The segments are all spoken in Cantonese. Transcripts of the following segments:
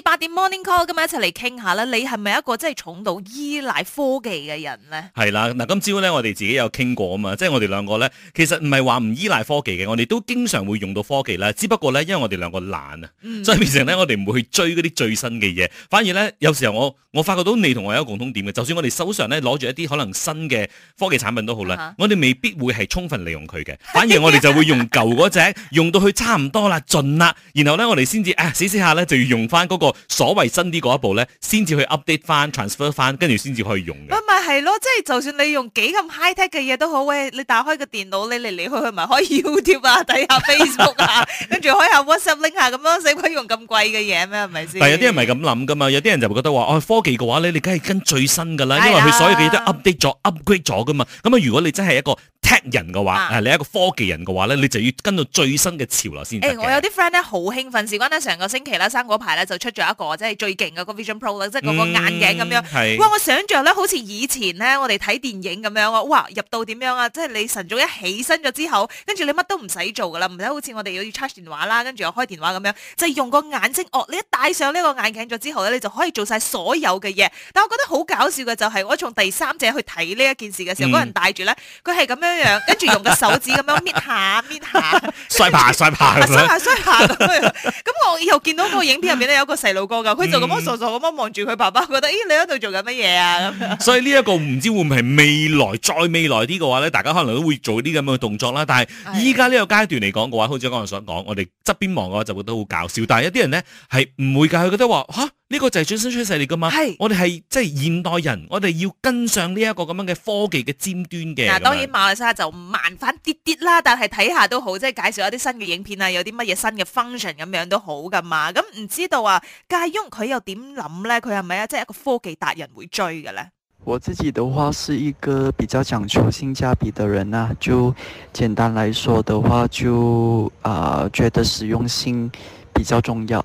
八點 morning call，今日一齊嚟傾下啦。你係咪一個真係重度依賴科技嘅人咧？係啦，嗱，今朝咧我哋自己有傾過啊嘛，即係我哋兩個咧，其實唔係話唔依賴科技嘅，我哋都經常會用到科技啦。只不過咧，因為我哋兩個懶啊，所以變成咧我哋唔會去追嗰啲最新嘅嘢，反而咧有時候我我發覺到你同我有個共通點嘅，就算我哋手上咧攞住一啲可能新嘅科技產品都好啦，啊、我哋未必會係充分利用佢嘅，反而我哋就會用舊嗰隻， 用到佢差唔多啦，盡啦，然後咧我哋先至誒試試下咧，就要用翻、那、嗰個。所謂新啲嗰一步咧，先至去 update 翻、transfer 翻，跟住先至可以用嘅。唔係係咯，即、就、係、是、就算你用幾咁 high tech 嘅嘢都好誒，你打開個電腦，你嚟嚟去去咪可以 YouTube 啊，睇下、啊、Facebook 啊，跟住開下 WhatsApp link 下咁樣，使鬼用咁貴嘅嘢咩？係咪先？但係有啲人唔係咁諗噶嘛，有啲人就覺得、哦、話，哦科技嘅話咧，你梗係跟最新噶啦，因為佢所有嘢都 update 咗、啊、upgrade 咗噶嘛。咁啊，如果你真係一個人嘅話，啊、你係一個科技人嘅話咧，你就要跟到最新嘅潮流先。誒、欸，我有啲 friend 咧好興奮，事關咧成個星期啦，生嗰排咧就出咗一個即係最勁嘅個 Vision Pro 即係嗰個眼鏡咁樣。嗯、哇！我想像咧好似以前咧我哋睇電影咁樣啊，哇！入到點樣啊？即係你晨早一起身咗之後，跟住你乜都唔使做噶啦，唔使好似我哋要 charge 電話啦，跟住又開電話咁樣，就係、是、用個眼睛哦。你一戴上呢個眼鏡咗之後咧，你就可以做晒所有嘅嘢。但我覺得好搞笑嘅就係我從第三者去睇呢一件事嘅時候，嗰、嗯、人戴住咧，佢係咁樣。跟住用個手指咁樣搣下搣下，摔下摔下，摔下摔下。咁我以後見到嗰個影片入面咧，有個細路哥噶，佢就咁樣傻傻咁樣望住佢爸爸，覺得咦，你喺度做緊乜嘢啊？咁樣。所以呢一個唔知會唔係未來，再未來啲嘅話咧，大家可能都會做啲咁樣嘅動作啦。但係依家呢個階段嚟講嘅話，好似啱啱想講，我哋側邊望嘅話就會覺得好搞笑。但係一啲人咧係唔會噶，佢覺得話吓。呢個就係最新趨勢嚟噶嘛，係是我哋係即係現代人，我哋要跟上呢一個咁樣嘅科技嘅尖端嘅。嗱，當然馬來西亞就慢翻啲啲啦，但係睇下都好，即係介紹一啲新嘅影片啊，有啲乜嘢新嘅 function 咁樣都好噶嘛。咁、嗯、唔知道啊，嘉雍佢又點諗咧？佢係咪啊，即係一個科技達人會追嘅咧？我自己的話是一個比較講求性價比的人啊，就簡單來說的話就啊、呃，覺得實用性比較重要。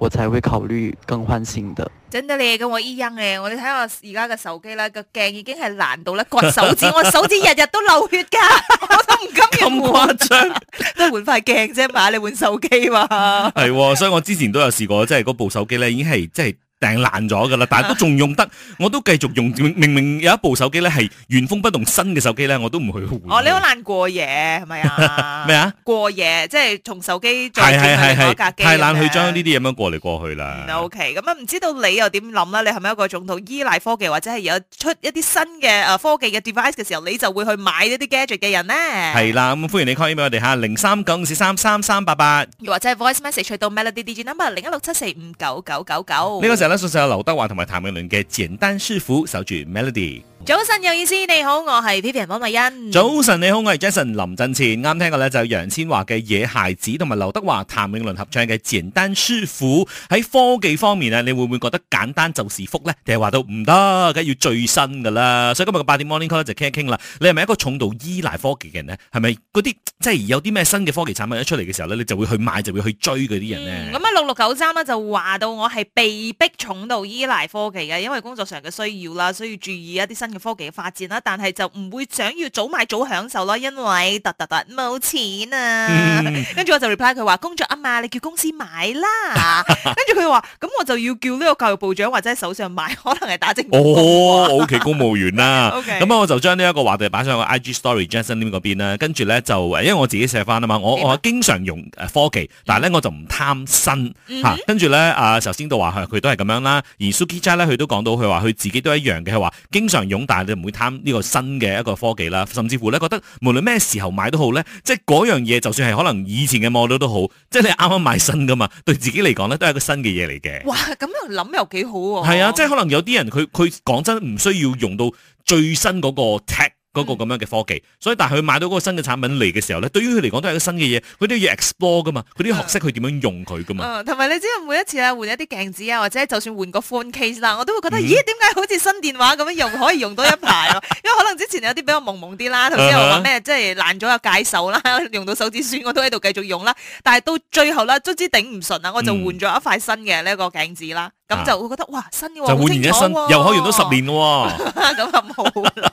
我才會考慮更換新的，真係咧，跟我一樣誒！我哋睇下而家嘅手機啦，個鏡已經係爛到啦，割手指，我手指日日都流血噶，我都唔敢用。咁誇 張， 都係換塊鏡啫，買你換手機嘛？係、 哦，所以我之前都有試過，即係嗰部手機咧，已經係即係。訂爛咗㗎啦，但係都仲用得，我都繼續用。明明有一部手機咧，係原封不動新嘅手機咧，我都唔去換。哦，你好難過夜係咪啊？咩啊？過夜即係從手機再換另一部架機，太難去將呢啲咁樣過嚟過去啦。O K，咁啊唔知道你又點諗啦？你係咪一個重度依賴科技或者係有出一啲新嘅誒科技嘅 device 嘅時候，你就會去買呢啲 gadget 嘅人咧？係啦，咁歡迎你 call 入面我哋嚇零三九五四三三三八八，或者 voice message 去到 Melody DG number 零一六七四五九九九九。呢個時候。嚟上首有劉德華同埋譚詠麟嘅《的簡單是苦》，守住 Melody。早晨有意思，你好，我係 Melody 蒙慧欣。早晨你好，我係 Jason 林振前。啱聽過咧就楊千嬅嘅野孩子，同埋劉德華、譚詠麟合唱嘅簡單舒服。喺科技方面啊，你會唔會覺得簡單就是福呢？定係話到唔得，梗係要最新噶啦。所以今日嘅八點 Morning Call 就傾一傾啦。你係咪一個重度依賴科技嘅人呢？係咪嗰啲即係有啲咩新嘅科技產品一出嚟嘅時候咧，你就會去買，就會去追嗰啲人呢？咁啊六六九三啊就話到我係被逼重度依賴科技嘅，因為工作上嘅需要啦，所以要注意一啲新。科技嘅發展啦，但係就唔會想要早買早享受咯，因為突突突冇錢啊！跟住、嗯、我就 reply 佢話工作啊嘛，你叫公司買啦。跟住佢話咁我就要叫呢個教育部長或者喺手上買，可能係打職哦，我係、oh, okay, 公務員啦。咁啊 Okay, okay.、嗯，我就將呢一個話題擺上 IG story Jason 呢邊啦。跟住咧就因為我自己寫翻啊嘛，我 Okay? 我經常用科技，但係咧我就唔貪新嚇。跟住咧啊，頭、啊、先都話佢都係咁樣啦。而 Suki 仔咧，佢都講到佢話佢自己都一樣嘅係話，經常用。但係你唔會貪呢個新嘅一個科技啦，甚至乎咧覺得無論咩時候買都好咧，即係嗰樣嘢就算係可能以前嘅 model 都好，即係你啱啱買新噶嘛，對自己嚟講咧都係個新嘅嘢嚟嘅。哇，咁樣諗又幾好喎，啊！係啊，即係可能有啲人佢佢講真唔需要用到最新嗰個 tech。嗰個咁樣嘅科技，所以但係佢買到嗰個新嘅產品嚟嘅時候咧，對於佢嚟講都係一個新嘅嘢，佢都要 explore 噶嘛，佢都要學識佢點樣用佢噶嘛。同埋、嗯嗯、你知唔知每一次咧換一啲鏡子啊，或者就算換個 phone case 啦，我都會覺得，嗯、咦，點解好似新電話咁樣用可以用多一排？ 因為可能之前有啲比較蒙蒙啲啦，同啲人話咩，即係爛咗又解手啦，用到手指酸我都喺度繼續用啦。但係到最後啦，卒之頂唔順啊，我就換咗一塊新嘅呢個鏡子啦。咁就會覺得、啊、哇新，就煥然一新，又可以用到十年喎、哦，咁咁 好啦。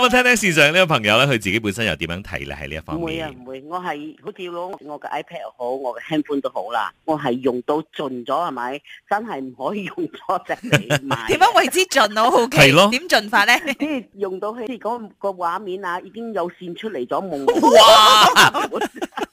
我聽聽市場呢個朋友咧，佢自己本身又點樣睇咧？喺呢一方面，唔會啊唔會，我係好似攞我嘅 iPad 好，我嘅 handphone 都好啦，我係用到盡咗係咪？真係唔可以用咗就嚟買？點樣為之盡我好奇？係 咯？點盡法咧？ 用到佢哋、嗰個畫面啊，已經有線出嚟咗夢。哇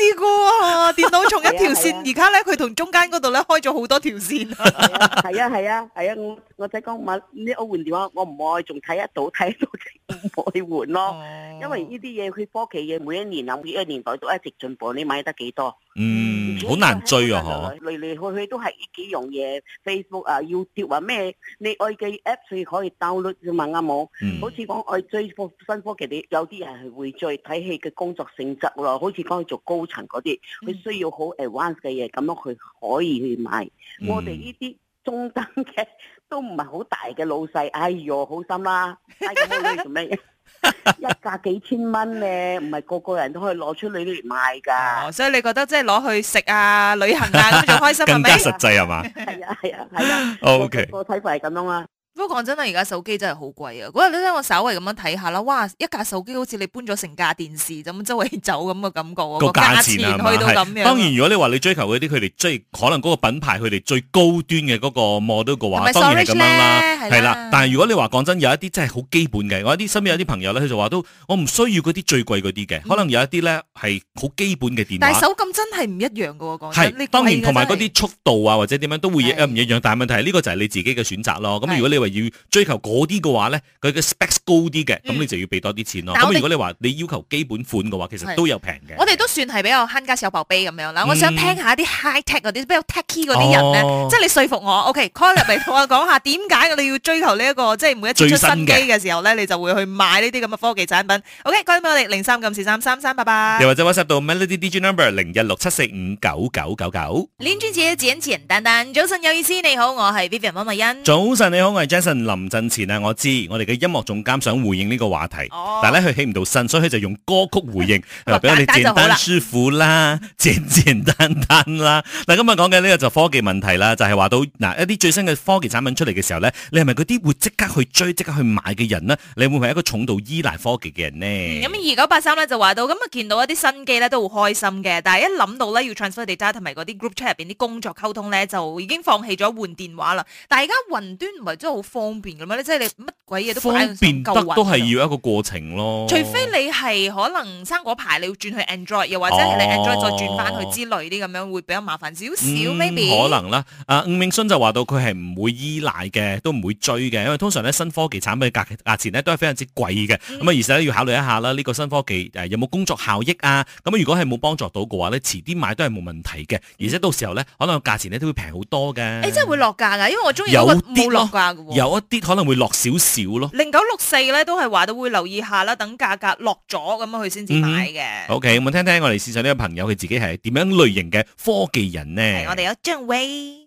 試過 啊！電腦從一條線，而家呢，佢同 中間嗰度呢，開咗好多條線、 啊。係啊係啊係啊！我仔講，買你我換電話，我唔愛，仲睇得到睇到，呵呵我去換咯。哦、因為呢啲嘢，佢科技嘅每一年啊，每一年代都一直進步。你買得幾多？嗯。好難追啊！嗬，嚟嚟去去都係依幾樣嘢，Facebook 啊，要跌啊咩？你愛嘅 app 先可以 download 啫嘛，啱 冇？好似講愛追新科技啲，有啲人係會追睇佢嘅工作性質咯。好似講做高層嗰啲，佢需要好誒玩嘅嘢，咁樣佢可以去買。我哋呢啲中等嘅都唔係好大嘅老細，哎呦，好心啦，睇咁多嘢做咩？ 一價幾千蚊咧，唔係個個人都可以攞出嚟嚟賣噶。哦，所以你覺得即係攞去食啊、旅行啊咁就開心係咪？ 更加實際係嘛？係啊係啊係啊，OK，個睇法係咁樣啊。Okay. 不過講真啦，而家手機真係好貴啊！嗰日咧，我稍微咁樣睇下啦，哇！一架手機好似你搬咗成架電視咁周圍走咁嘅感覺、啊，個價錢,價錢去到咁樣。當然，如果你話你追求嗰啲佢哋即係可能嗰個品牌，佢哋最高端嘅嗰個 model 嘅話，是是當然係咁樣啦。係啦,啦，但係如果你話講真，有一啲真係好基本嘅，我有啲身邊有啲朋友咧，佢就話都我唔需要嗰啲最貴嗰啲嘅，可能有一啲咧係好基本嘅電話、嗯、但係手感真係唔一樣嘅喎，講真是貴當然同埋嗰啲速度啊或者點樣都會唔是、啊、一樣。但係問題係呢、這個就係你自己嘅選擇咯。咁如果你話要追求嗰啲嘅話咧，佢嘅 specs 高啲嘅，咁、嗯、你就要俾多啲錢咯。咁我如果你話你要求基本款嘅話，其實都有平嘅。我哋都算係比較慳家小薄啤咁樣啦。嗯、我想聽一下啲 high tech 嗰啲比較 techy 嗰啲人咧，哦、即係你說服我。OK，call、okay，入嚟同我講下點解你要追求呢、這、一個 即係每一次出新機嘅時候咧，你就會去買呢啲咁嘅科技產品。OK，關閉我哋零三三三三八八。又或者 WhatsApp 到 Melody Number 零一六七四五九九九九。連珠姐簡簡單單早晨有意思，你好，我係 Vivian 温慧欣。早晨你好，我係身臨陣前啊！我知我哋嘅音樂總監想回應呢個話題，哦、但係咧佢起唔到身，所以佢就用歌曲回應，嗱哇，俾誒你簡簡單舒服啦，簡簡單單啦。嗱，今日講嘅呢個就科技問題啦，就係、是、話到嗱一啲最新嘅科技產品出嚟，嘅時候咧，你係咪嗰啲會即刻去追、即刻去買嘅人呢？你會唔會係一個重度依賴科技嘅人呢？咁二九八三咧就話到咁啊，見到一啲新機咧都好開心嘅，但係一諗到咧要 transfer data 同埋嗰啲 group chat 入邊啲工作溝通咧，就已經放棄咗換電話啦。但係而家雲端唔係真係好。方便咁樣，即係你乜鬼嘢都方便得都係要一個過程咯。除非你係可能生嗰排你要轉去 Android，又或者係你 Android 再轉翻去之類啲咁樣，會比較麻煩少少、嗯、，maybe。可能啦。啊，吳、嗯、明春就話到佢係唔會依賴嘅，都唔會追嘅，因為通常咧新科技產品嘅價價錢咧都係非常之貴嘅。咁啊、嗯，而且咧要考慮一下啦，呢個新科技誒有冇工作效益啊？咁如果係冇幫助到嘅話咧，遲啲買都係冇問題嘅。而且到時候咧，可能價錢咧都會平好多嘅。誒、欸，真係會落價㗎，因為我中意有個冇落價嘅有一啲可能會落少少咯，零九六四咧都係話都會留意下啦，等價格落咗咁樣佢先至買嘅。OK，咁我聽聽我哋線上呢個朋友佢自己係點樣類型嘅科技人呢？我哋有張威，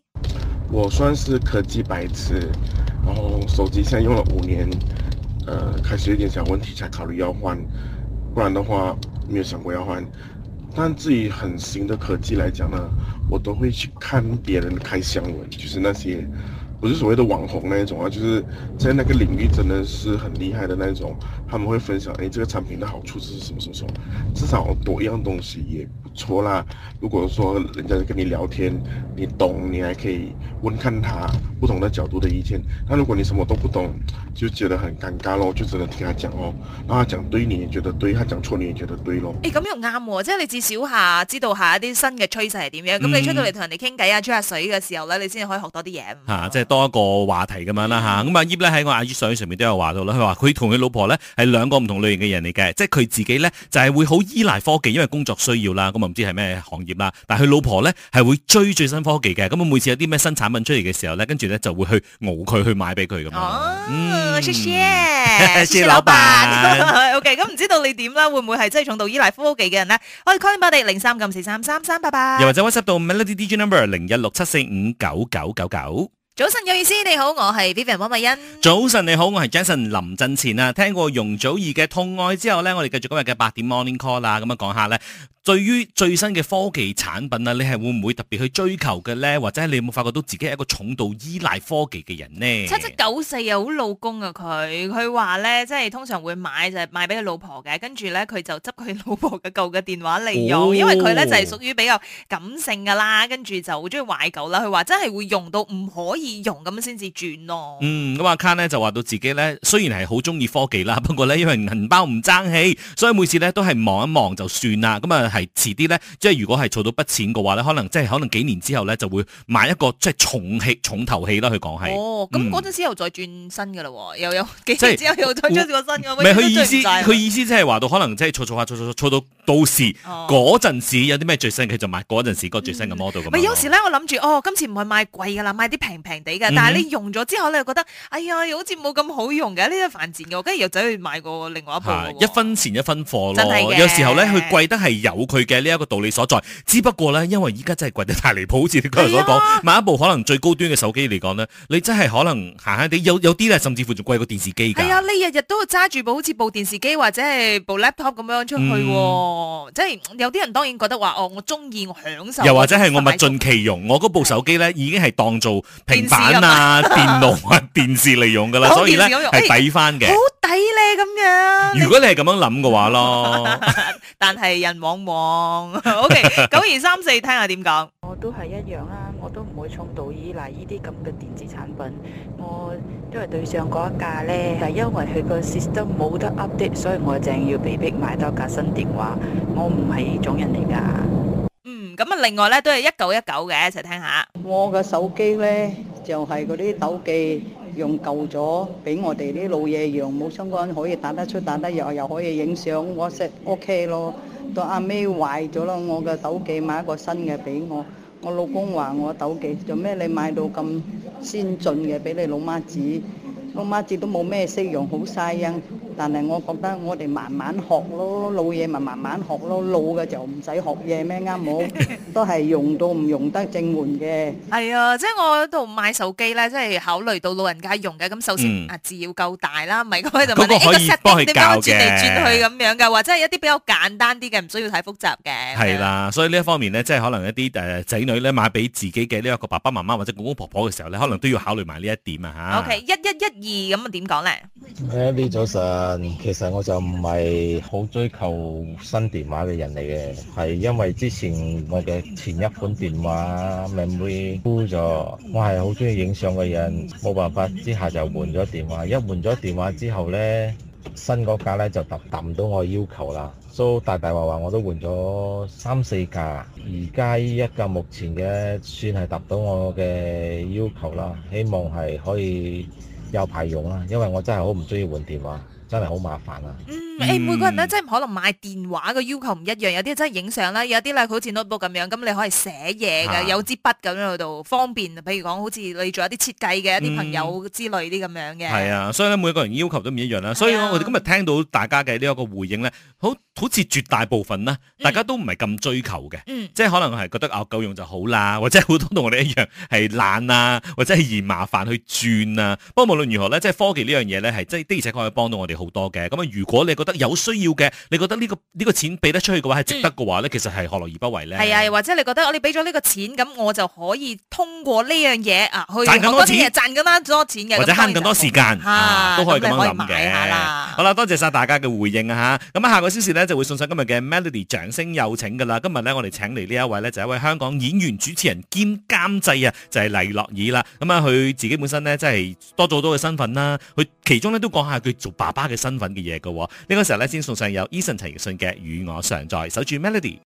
我算是科技白痴，然後手機先用了五年，誒、呃，開始有點小問題才考慮要換，不然的話沒有想過要換。但至於很新的科技來講呢，我都會去看別人開箱文，就是那些。不是所謂的網紅那一種啊，就是在那個領域真的是很厲害的那一種，他們會分享，哎，這個產品的好處是什麼什麼，至少多一樣東西也不錯啦。如果說人家跟你聊天，你懂，你還可以問看他不同的角度的意見。那如果你什麼都不懂，就覺得很尷尬咯，就只能聽他講咯。然後他講對你，你覺得對；他講錯，你也覺得對咯。誒、欸，咁又啱喎、哦，即係你至少下知道下一啲新嘅趨勢係點樣。咁、嗯、你出到嚟同人哋傾偈啊、吹下水嘅時候呢，你先可以學多啲嘢。嚇、嗯，啊就是多一個話題咁樣啦吓，咁阿葉咧喺我阿葉相上面都有話到啦，佢話佢同佢老婆咧係兩個唔同類型嘅人嚟嘅，即係佢自己咧就係會好依賴科技，因為工作需要啦，咁啊唔知係咩行業啦，但係佢老婆咧係會追最新科技嘅，咁啊每次有啲咩新產品出嚟嘅時候咧，跟住咧就會去敖佢去買俾佢咁啊。哦，謝謝，謝老闆。OK，咁唔知道你點啦？會唔會係真係重度依賴科技嘅人咧？喂，call me 零三九四三三三八八。又或者 WhatsApp 到 Melody DJ number 零一六七四五九九九九。早晨，有意思，你好，我係 Beverly 溫美欣。早晨，你好，我係 Jason 林振前啊。聽過容祖兒嘅《痛愛》之後咧，我哋繼續今日嘅八點 Morning Call 啦。咁樣講下咧。對於最新嘅科技產品啊，你係會唔會特別去追求嘅呢？或者你有冇發覺到自己係一個重度依賴科技嘅人呢？七七九四又好老公啊，佢佢話呢，即係通常會買就係、是、買俾佢老婆嘅，跟住呢，佢就執佢老婆嘅舊嘅電話嚟用，哦、因為佢呢就係屬於比較感性噶啦，跟住就好中意懷舊啦。佢話真係會用到唔可以用咁先至轉咯。嗯，咁、嗯、阿卡呢，就話到自己呢，雖然係好中意科技啦，不過呢，因為銀包唔爭氣，所以每次呢都係望一望就算啦。咁、嗯、啊～係遲啲咧，即係如果係儲到筆錢嘅話咧，可能即係可能幾年之後咧就會買一個即係重器重頭戲啦。佢講係。哦，咁嗰陣時又再轉新嘅啦喎，嗯、又有幾年之後又再出個新嘅。唔係佢意思，佢意思即係話到可能即係儲儲下儲儲到到時嗰陣、哦、時有啲咩最新，嘅就買嗰陣時個最新嘅 model 咁、嗯。咪樣、嗯、有時咧，我諗住哦，今次唔係買貴嘅啦，買啲平平地嘅，嗯、哼但係你用咗之後，你又覺得哎呀，好似冇咁好用嘅，呢個犯賤嘅，我跟住又走去買個另外一部。一分錢一分貨咯，真係有時候咧，佢貴得係有。佢嘅呢一個道理所在，只不過咧，因為依家真係貴得太離譜，好似你啲哥所講，買、啊、一部可能最高端嘅手機嚟講呢，你真係可能閒閒哋有有啲咧，甚至乎仲貴過、啊、電視機。係啊，你日日都要揸住部好似部電視機或者係部 laptop 咁樣出去，嗯、即係有啲人當然覺得話哦，我中意我享受，又或者係我物盡其用，我嗰部手機咧已經係當做平板啊、電腦 啊、電視嚟用㗎啦，所以咧係抵翻嘅，好抵咧咁樣。你如果你係咁樣諗嘅話咯， 但係人往，往 O K，九二三四，聽下點講？我都係一樣啦，我都唔會重度依賴呢啲咁嘅電子產品。我都係對上嗰一架咧，係因為佢個 system 冇得 update，所以我淨要被逼買多一架新電話。我唔係呢種人嚟噶。嗯，咁啊，另外咧都係一九一九嘅，一齊聽下。我嘅手機咧就係嗰啲手機用舊咗，俾我哋啲老嘢用，冇相關可以打得出、打得入，又可以影相，我成 O K 咯。到阿妹壞咗啦，我嘅斗機買一個新嘅俾我。我老公話：“我斗機做咩你買到咁先進嘅俾你老媽子，老媽子都冇咩識用，好嘥音。但係我覺得我哋慢慢學咯，老嘢咪慢慢學咯，老嘅就唔使學嘢咩啱好，都係用到唔用得正換嘅。係 啊，即係我喺度買手機咧，即係考慮到老人家用嘅，咁首先啊字要夠大啦，唔係嗰個就幫你點樣轉嚟轉去咁樣㗎，或者係一啲比較簡單啲嘅，唔需要太複雜嘅。係啦、啊，所以呢一方面咧，即係可能一啲誒仔女咧買俾自己嘅呢一個爸爸媽媽或者公公婆婆嘅時候咧，可能都要考慮埋呢一點啊嚇。O K，一一一二咁啊點講咧早其實我就唔係好追求新電話嘅人嚟嘅，係因為之前我嘅前一款電話咪冇咗。我係好中意影相嘅人，冇辦法之下就換咗電話。一換咗電話之後呢，新嗰架呢就達達唔到我要求啦，所、so，以大大話話我都換咗三四架。而家呢一架目前嘅算係達到我嘅要求啦，希望係可以有排用啦，因為我真係好唔中意換電話。真係好麻煩啊！誒，嗯、每個人咧真係可能買電話嘅要求唔一樣，有啲真係影相啦，有啲咧好似 notebook 咁樣，咁你可以寫嘢嘅，啊、有支筆咁樣喺度方便。譬如講好似你做一啲設計嘅一啲朋友之類啲咁樣嘅。係、嗯、啊，所以咧每個人要求都唔一樣啦。所以我哋今日聽到大家嘅呢一個回應咧，好好似絕大部分啦，大家都唔係咁追求嘅，嗯嗯、即係可能係覺得啊夠用就好啦，或者好多同我哋一樣係懶啊，或者係嫌麻煩去轉啊。不過無論如何咧，即係科技呢樣嘢咧係真的而且確可以幫到我哋好多嘅。咁啊，如果你覺得有需要嘅，你覺得呢、這個呢、這個錢俾得出去嘅話係值得嘅話咧，嗯、其實係何樂而不為咧？係啊，或者你覺得我哋俾咗呢個錢，咁我就可以通過呢樣嘢啊去賺咁多，多錢，賺更多錢嘅，或者慳更多時間都可以咁樣諗嘅。好啦，多謝晒大家嘅回應啊！吓，咁啊，下個消息咧就會送上今日嘅 Melody 掌聲有請噶啦。今日咧，我哋請嚟呢一位咧就係一位香港演員、主持人兼監製啊，就係、是、黎諾懿啦。咁啊，佢自己本身咧真係多咗好多嘅身份啦，佢。其中咧都講下佢做爸爸嘅身份嘅嘢嘅，呢個時候咧先送上有 Eason 陳奕迅嘅《與我常在》，守住 Melody。